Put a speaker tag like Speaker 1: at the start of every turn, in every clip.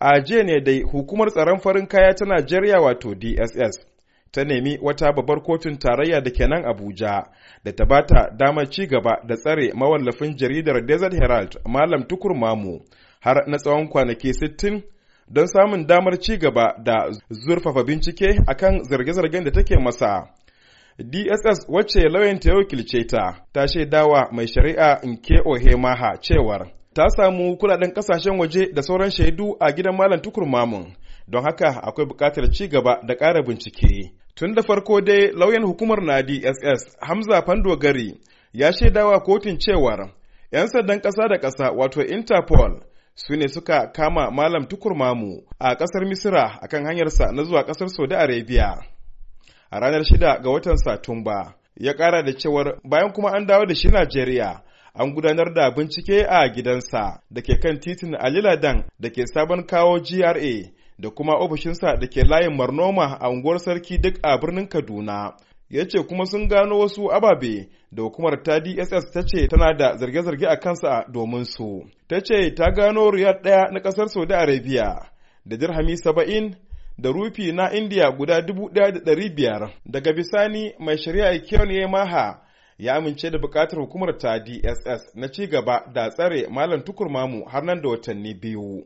Speaker 1: a jiya ne dai hukumar tsaron farin kaya ta najeriya wato dss ta nemi wata babbar kotun tarayya da ke nan abuja da ta bata damar ci gaba da tsare mawallafin jaridar desert herald malam tukur mamu har na tsawon kwanaki sittin. don samun damar ci gaba da zurfafa bincike akan zarge-zargen da take masa. DSS wacce lauyan ta wakilce ta, ta shaidawa mai shari'a Nke Ohemaha cewar ta samu kudaden kasashen waje da sauran shaidu a gidan malam tukur mamun don haka akwai bukatar ci gaba da ƙara bincike tun da farko dai lauyan hukumar na dss hamza fandogari ya shaidawa kotun cewar 'yan sandan ƙasa da ƙasa wato interpol su ne suka kama malam tukur mamu a ƙasar misira akan hanyarsa na zuwa ƙasar saudi arabia a ranar shida ga watan satumba ya ƙara da cewar bayan kuma an dawo da shi najeriya an gudanar da bincike a gidansa da ke kan titin Aliladan da ke sabon kawo GRA da kuma ofishinsa da ke layin Marnoma a unguwar Sarki duk a birnin Kaduna. ya ce kuma sun gano wasu ababe da hukumar ta dss ta ce tana da zarge-zarge a kansa domin su ta ce ta gano riyar ɗaya na ƙasar saudi arabia da dirhami saba'in da rufi na indiya guda dubu ɗaya da ɗari biyar daga bisani mai shari'a kiyon maha ya amince da bukatar hukumar ta DSS na ci gaba da tsare Malam Tukur Mamu har nan da watanni biyu.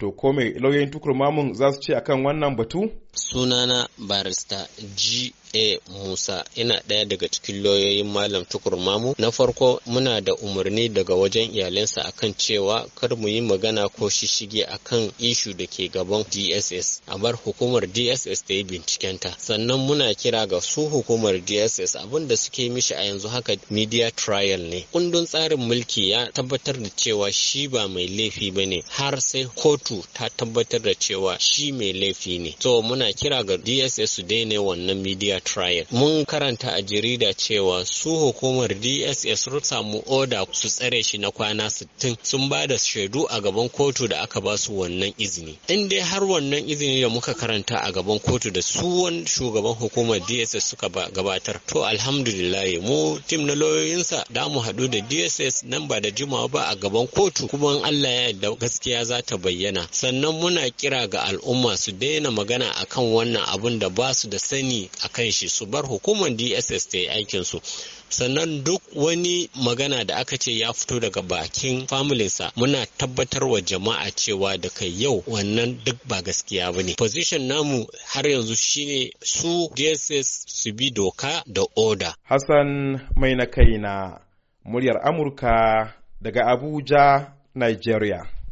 Speaker 1: To ko mai lauyoyin tukurmamun za su ce akan wannan batu?
Speaker 2: Sunana barista G. A. Musa ina ɗaya daga cikin lauyoyin Malam Tukurmamu. Na farko muna da umarni daga wajen iyalinsa akan cewa kar mu yi magana ko shishige akan ishu da ke gaban DSS. A bar hukumar DSS ta yi bincikenta. Sannan muna kira ga su hukumar DSS abin da suke mishi a yanzu haka media trial ne. Kundin tsarin mulki ya tabbatar da cewa shi ba mai laifi ba ne har sai kotu kotu ta tabbatar da cewa shi mai laifi ne so muna kira ga dss su daina wannan media trial mun karanta a jarida cewa su hukumar dss sun samu oda su tsare shi na kwana 60 sun ba da shaidu a gaban kotu da aka ba su wannan izini in dai har wannan izini da muka karanta a gaban kotu da su shugaban hukumar dss suka gabatar to alhamdulillah mu tim na lauyoyinsa da mu haɗu da dss nan ba da jimawa ba a gaban kotu kuma allah ya yarda gaskiya za ta bayyana sannan muna kira ga al'umma su daina magana akan wannan abun da ba su da sani a kan shi su bar hukumar dss ta yi aikinsu sannan duk wani magana da aka ce ya fito daga bakin familinsa muna tabbatar wa jama'a cewa daga yau wannan duk ba gaskiya ba ne position namu har yanzu shine su dss su bi doka da oda
Speaker 1: hassan mai na kai na muryar amurka daga abuja nigeria